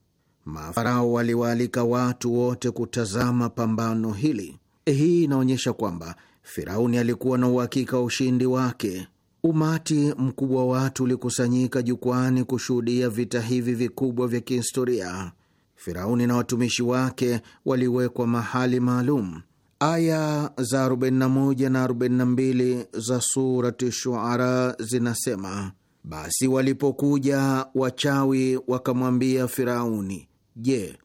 Mafarao waliwaalika watu wote kutazama pambano hili. Hii inaonyesha kwamba Firauni alikuwa na uhakika wa ushindi wake. Umati mkubwa wa watu ulikusanyika jukwani kushuhudia vita hivi vikubwa vya kihistoria. Firauni na watumishi wake waliwekwa mahali maalum. Aya za 41 na 42 za Surati Shuara zinasema, basi walipokuja wachawi wakamwambia Firauni, je,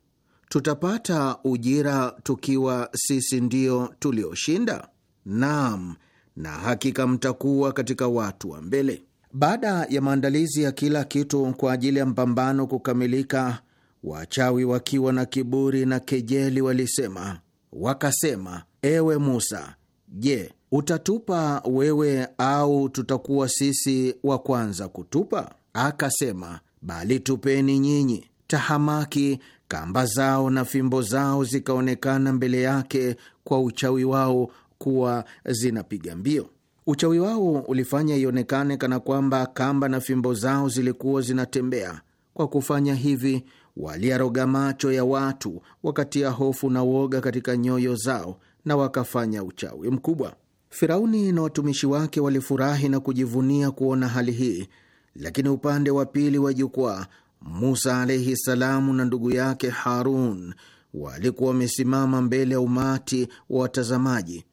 tutapata ujira tukiwa sisi ndio tulioshinda? Naam, na hakika mtakuwa katika watu wa mbele. Baada ya maandalizi ya kila kitu kwa ajili ya mpambano kukamilika, wachawi wakiwa na kiburi na kejeli walisema, wakasema: ewe Musa, je, utatupa wewe au tutakuwa sisi wa kwanza kutupa? Akasema, bali tupeni nyinyi. Tahamaki kamba zao na fimbo zao zikaonekana mbele yake kwa uchawi wao kuwa zinapiga mbio. Uchawi wao ulifanya ionekane kana kwamba kamba na fimbo zao zilikuwa zinatembea. Kwa kufanya hivi, waliaroga macho ya watu, wakatia hofu na woga katika nyoyo zao, na wakafanya uchawi mkubwa. Firauni na watumishi wake walifurahi na kujivunia kuona hali hii, lakini upande wa pili wa jukwaa, Musa alaihi salamu na ndugu yake Harun walikuwa wamesimama mbele ya umati wa watazamaji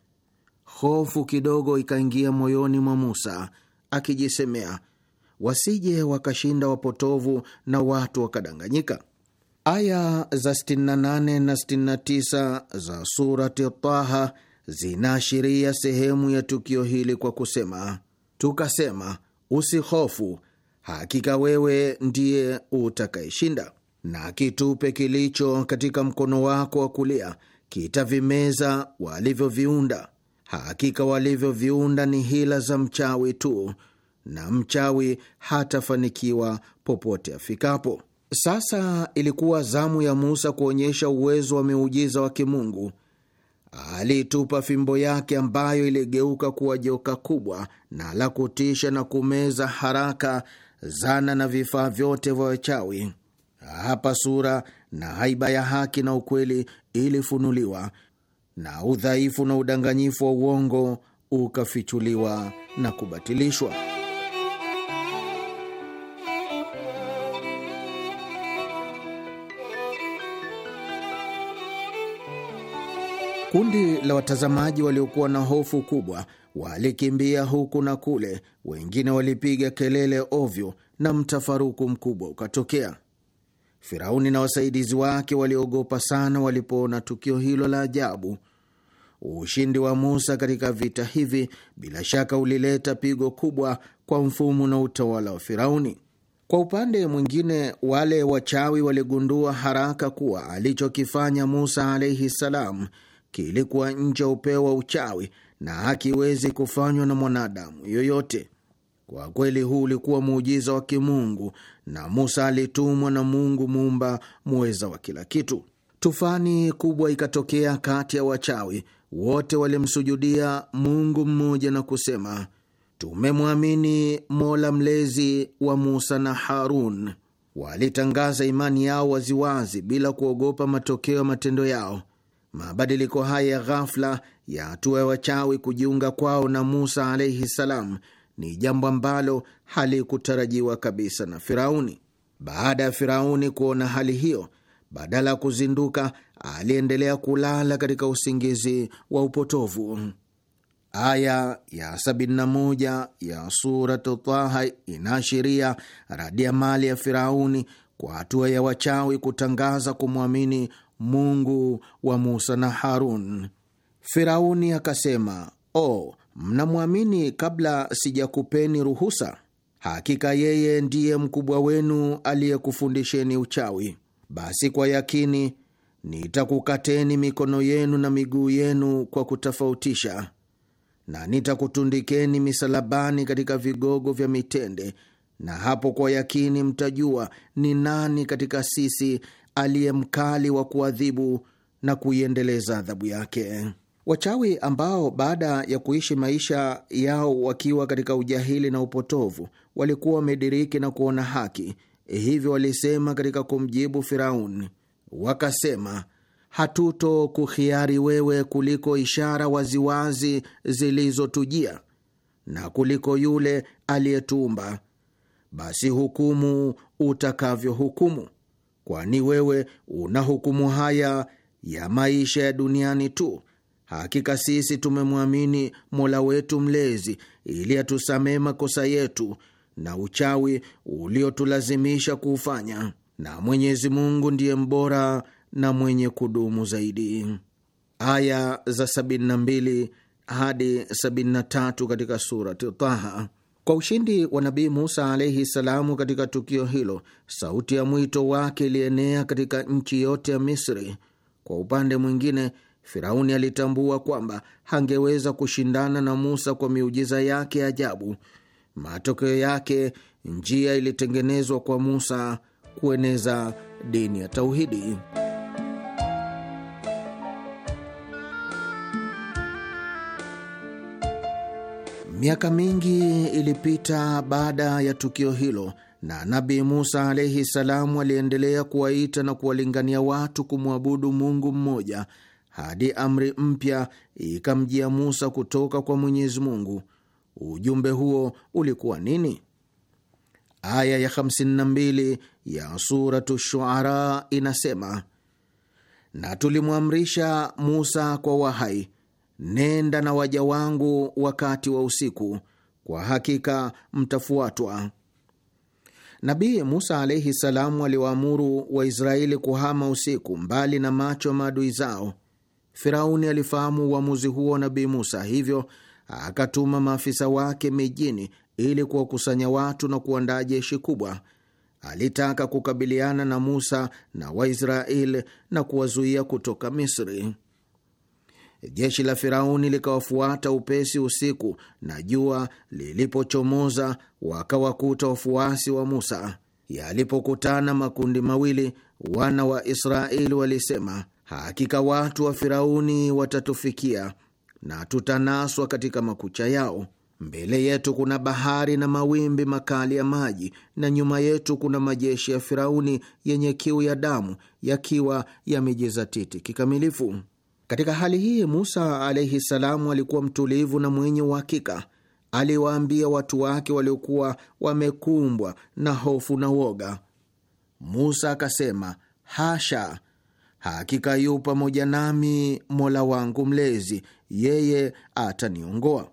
hofu kidogo ikaingia moyoni mwa Musa akijisemea, wasije wakashinda wapotovu na watu wakadanganyika. Aya za 68 na 69 za surati Taha zinaashiria sehemu ya tukio hili kwa kusema, tukasema usihofu, hakika wewe ndiye utakayeshinda, na kitupe kilicho katika mkono wako wa kulia kitavimeza walivyoviunda, Hakika walivyoviunda ni hila za mchawi tu, na mchawi hatafanikiwa popote afikapo. Sasa ilikuwa zamu ya Musa kuonyesha uwezo wa miujiza wa kimungu. Aliitupa fimbo yake ambayo iligeuka kuwa joka kubwa na la kutisha na kumeza haraka zana na vifaa vyote vya wachawi. Hapa sura na haiba ya haki na ukweli ilifunuliwa na udhaifu na udanganyifu wa uongo ukafichuliwa na kubatilishwa. Kundi la watazamaji waliokuwa na hofu kubwa walikimbia huku na kule, wengine walipiga kelele ovyo na mtafaruku mkubwa ukatokea. Firauni na wasaidizi wake waliogopa sana walipoona tukio hilo la ajabu. Ushindi wa Musa katika vita hivi bila shaka ulileta pigo kubwa kwa mfumo na utawala wa Firauni. Kwa upande mwingine, wale wachawi waligundua haraka kuwa alichokifanya Musa alaihi salam kilikuwa nje upeo wa uchawi na hakiwezi kufanywa na mwanadamu yoyote. Kwa kweli huu ulikuwa muujiza wa kimungu na Musa alitumwa na Mungu muumba muweza wa kila kitu. Tufani kubwa ikatokea kati ya wachawi wote, walimsujudia Mungu mmoja na kusema, tumemwamini Mola mlezi wa Musa na Harun. Walitangaza imani yao waziwazi bila kuogopa matokeo ya matendo yao. Mabadiliko haya ya ghafla ya hatua ya wachawi kujiunga kwao na Musa alaihi salam ni jambo ambalo halikutarajiwa kabisa na Firauni. Baada ya Firauni kuona hali hiyo, badala ya kuzinduka, aliendelea kulala katika usingizi wa upotovu. Aya ya 71 ya Suratu Taha inaashiria radi ya mali ya Firauni kwa hatua ya wachawi kutangaza kumwamini Mungu wa Musa na Harun. Firauni akasema, o oh, mnamwamini kabla sijakupeni ruhusa? Hakika yeye ndiye mkubwa wenu aliyekufundisheni uchawi. Basi kwa yakini nitakukateni mikono yenu na miguu yenu kwa kutofautisha, na nitakutundikeni misalabani katika vigogo vya mitende, na hapo kwa yakini mtajua ni nani katika sisi aliye mkali wa kuadhibu na kuiendeleza adhabu yake. Wachawi ambao baada ya kuishi maisha yao wakiwa katika ujahili na upotovu walikuwa wamediriki na kuona haki, hivyo walisema katika kumjibu Firauni, wakasema hatuto kuhiari wewe kuliko ishara waziwazi zilizotujia na kuliko yule aliyetuumba, basi hukumu utakavyohukumu, kwani wewe una hukumu haya ya maisha ya duniani tu Hakika sisi tumemwamini Mola wetu Mlezi ili atusamee makosa yetu na uchawi uliotulazimisha kuufanya, na Mwenyezi Mungu ndiye mbora na mwenye kudumu zaidi. Aya za 72 hadi 73 katika surati Taha. Kwa ushindi wa Nabii Musa alaihi salamu katika tukio hilo, sauti ya mwito wake ilienea katika nchi yote ya Misri. Kwa upande mwingine Firauni alitambua kwamba hangeweza kushindana na Musa kwa miujiza yake ya ajabu. Matokeo yake, njia ilitengenezwa kwa Musa kueneza dini ya tauhidi. Miaka mingi ilipita baada ya tukio hilo, na Nabi Musa alaihi salamu aliendelea kuwaita na kuwalingania watu kumwabudu Mungu mmoja hadi amri mpya ikamjia Musa kutoka kwa Mwenyezi Mungu. Ujumbe huo ulikuwa nini? Aya ya 52 ya Suratu Shuara inasema, na tulimwamrisha Musa kwa wahai, nenda na waja wangu wakati wa usiku, kwa hakika mtafuatwa. Nabii Musa alaihi salamu aliwaamuru Waisraeli kuhama usiku, mbali na macho ya maadui zao. Firauni alifahamu uamuzi huo Nabii Musa, hivyo akatuma maafisa wake mijini ili kuwakusanya watu na kuandaa jeshi kubwa. Alitaka kukabiliana na Musa na Waisraeli na kuwazuia kutoka Misri. Jeshi la Firauni likawafuata upesi usiku, na jua lilipochomoza wakawakuta wafuasi wa Musa. Yalipokutana makundi mawili, wana wa Israeli walisema, Hakika watu wa Firauni watatufikia na tutanaswa katika makucha yao. Mbele yetu kuna bahari na mawimbi makali ya maji, na nyuma yetu kuna majeshi ya Firauni yenye kiu ya damu, yakiwa yamejizatiti kikamilifu. Katika hali hii, Musa alaihi salamu alikuwa mtulivu na mwenye uhakika. Aliwaambia watu wake waliokuwa wamekumbwa na hofu na woga. Musa akasema, hasha Hakika yu pamoja nami, Mola wangu Mlezi, yeye ataniongoa.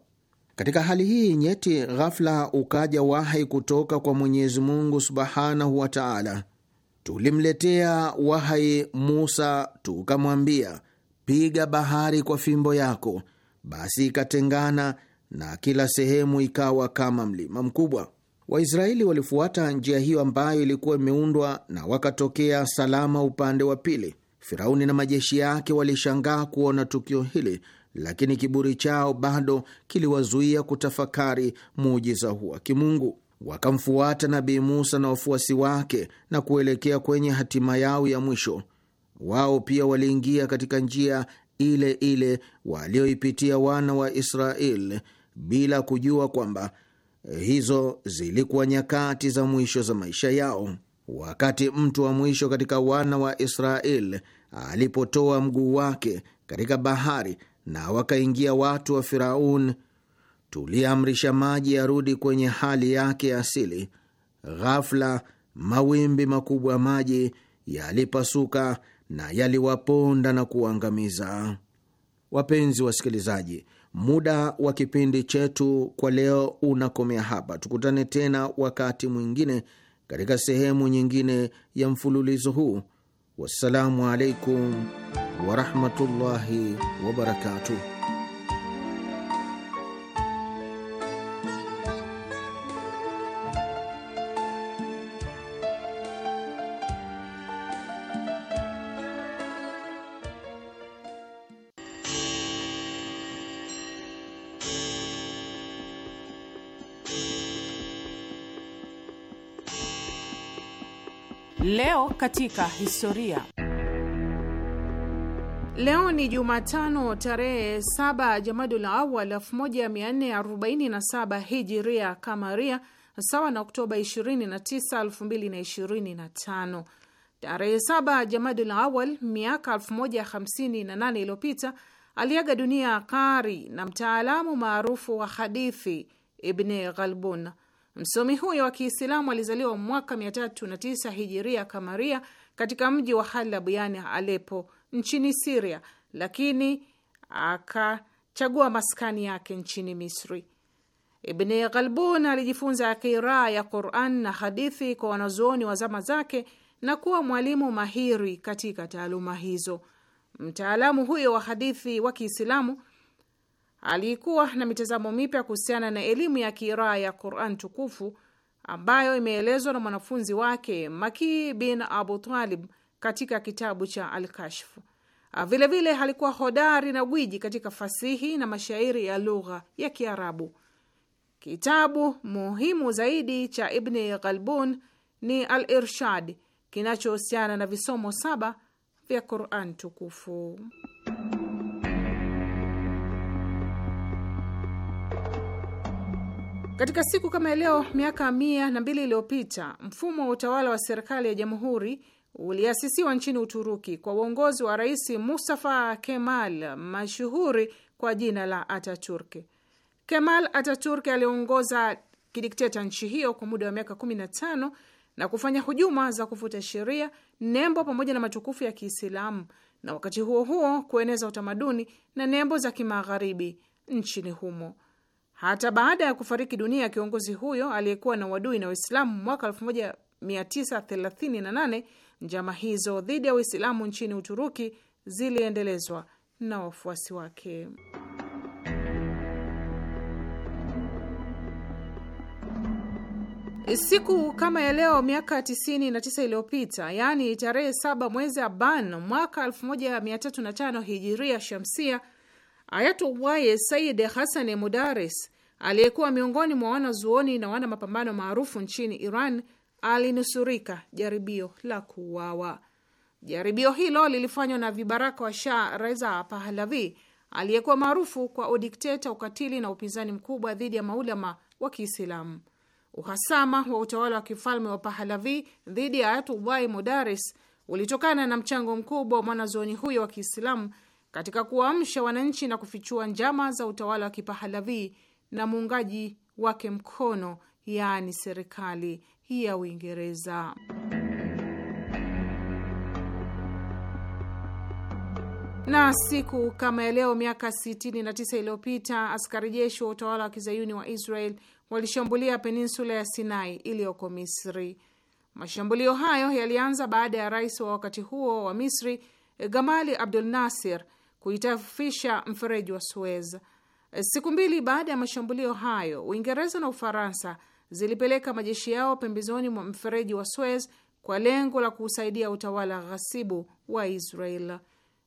Katika hali hii nyeti, ghafla ukaja wahai kutoka kwa Mwenyezi Mungu subhanahu wa taala. Tulimletea wahai Musa tukamwambia, piga bahari kwa fimbo yako, basi ikatengana na kila sehemu ikawa kama mlima mkubwa. Waisraeli walifuata njia hiyo ambayo ilikuwa imeundwa na wakatokea salama upande wa pili. Firauni na majeshi yake walishangaa kuona tukio hili, lakini kiburi chao bado kiliwazuia kutafakari muujiza huu wa kimungu. Wakamfuata Nabii Musa na wafuasi wake na kuelekea kwenye hatima yao ya mwisho. Wao pia waliingia katika njia ile ile walioipitia wana wa Israeli bila kujua kwamba hizo zilikuwa nyakati za mwisho za maisha yao wakati mtu wa mwisho katika wana wa Israeli alipotoa mguu wake katika bahari na wakaingia watu wa Firaun, tuliamrisha maji yarudi kwenye hali yake ya asili. Ghafla mawimbi makubwa ya maji yalipasuka na yaliwaponda na kuangamiza. Wapenzi wasikilizaji, muda wa kipindi chetu kwa leo unakomea hapa. Tukutane tena wakati mwingine katika sehemu nyingine ya mfululizo huu. Wassalamu alaikum warahmatullahi wabarakatuh. Leo katika historia. Leo ni Jumatano tarehe 7 Jamadul Awal 1447 Hijiria Kamaria, sawa na Oktoba 29, 2025. Tarehe 7 Jamadul Awal miaka 1058 iliyopita aliaga dunia kari na mtaalamu maarufu wa hadithi Ibni Ghalbun. Msomi huyo wa Kiislamu alizaliwa mwaka 309 hijiria kamaria katika mji wa Halab, yani Alepo, nchini Siria, lakini akachagua maskani yake nchini Misri. Ibni Ghalbun alijifunza kiraa ya Quran na hadithi kwa wanazuoni wa zama zake na kuwa mwalimu mahiri katika taaluma hizo. Mtaalamu huyo wa hadithi wa Kiislamu alikuwa na mitazamo mipya kuhusiana na elimu ya kiraa ya Quran tukufu ambayo imeelezwa na mwanafunzi wake Maki bin Abu Talib katika kitabu cha Al-Kashf. Vilevile ah, alikuwa hodari na gwiji katika fasihi na mashairi ya lugha ya Kiarabu. Kitabu muhimu zaidi cha Ibni Ghalbun ni Al-Irshad kinachohusiana na visomo saba vya Quran tukufu. Katika siku kama leo miaka mia na mbili iliyopita mfumo wa utawala wa serikali ya jamhuri uliasisiwa nchini Uturuki kwa uongozi wa Rais Mustafa Kemal mashuhuri kwa jina la Ataturk. Kemal Ataturk aliongoza kidikteta nchi hiyo kwa muda wa miaka 15 na kufanya hujuma za kufuta sheria, nembo pamoja na matukufu ya Kiislamu, na wakati huo huo kueneza utamaduni na nembo za kimagharibi nchini humo. Hata baada ya kufariki dunia kiongozi huyo aliyekuwa na uadui na Uislamu mwaka 1938 njama hizo dhidi ya uislamu nchini Uturuki ziliendelezwa na wafuasi wake. Siku kama ya leo miaka 99 iliyopita, yaani tarehe 7 mwezi Aban mwaka 1305 hijiria shamsia Ayatullahi Sayyid Hassan Mudaris aliyekuwa miongoni mwa wanazuoni na wana mapambano maarufu nchini Iran alinusurika jaribio la kuuawa. Jaribio hilo lilifanywa na vibaraka wa Shah Reza Pahlavi aliyekuwa maarufu kwa udikteta, ukatili na upinzani mkubwa dhidi ya maulama wa Kiislamu. Uhasama wa utawala wa kifalme wa Pahlavi dhidi ya Ayatullahi Mudaris ulitokana na mchango mkubwa wa mwanazuoni huyo wa Kiislamu katika kuwaamsha wananchi na kufichua njama za utawala wa Kipahalavi na muungaji wake mkono, yaani serikali ya Uingereza. Na siku kama ya leo miaka 69 iliyopita askari jeshi wa utawala wa kizayuni wa Israel walishambulia peninsula ya Sinai iliyoko Misri. Mashambulio hayo yalianza baada ya rais wa wakati huo wa Misri Gamali Abdul Nasir kuitafisha mfereji wa Suez. Siku mbili baada ya mashambulio hayo, Uingereza na Ufaransa zilipeleka majeshi yao pembezoni mwa mfereji wa Suez kwa lengo la kuusaidia utawala ghasibu wa Israel.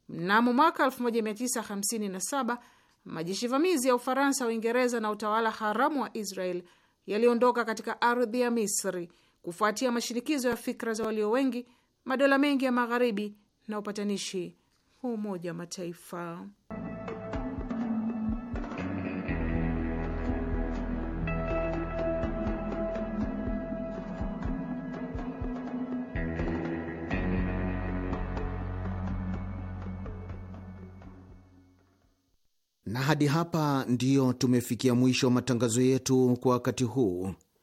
Mnamo mwaka 1957 majeshi vamizi ya Ufaransa, Uingereza na utawala haramu wa Israel yaliondoka katika ardhi ya Misri kufuatia mashinikizo ya fikra za walio wengi, madola mengi ya Magharibi na upatanishi wa Umoja wa Mataifa. Na hadi hapa ndiyo tumefikia mwisho wa matangazo yetu kwa wakati huu.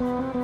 Mm-hmm.